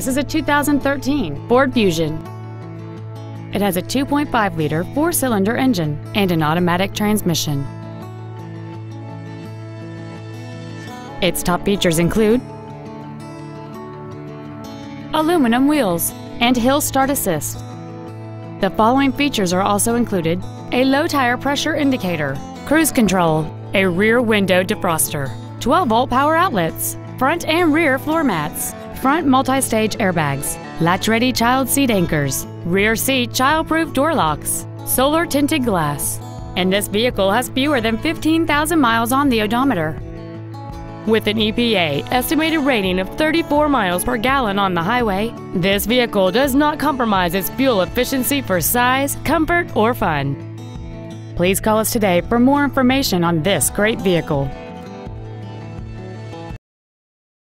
This is a 2013 Ford Fusion. It has a 2.5-liter four-cylinder engine and an automatic transmission. Its top features include aluminum wheels and hill start assist. The following features are also included a low tire pressure indicator, cruise control, a rear window defroster, 12 volt power outlets, front and rear floor mats, front multi-stage airbags, latch-ready child seat anchors, rear seat child-proof door locks, solar tinted glass, and this vehicle has fewer than 15,000 miles on the odometer. With an EPA estimated rating of 34 miles per gallon on the highway, this vehicle does not compromise its fuel efficiency for size, comfort, or fun. Please call us today for more information on this great vehicle.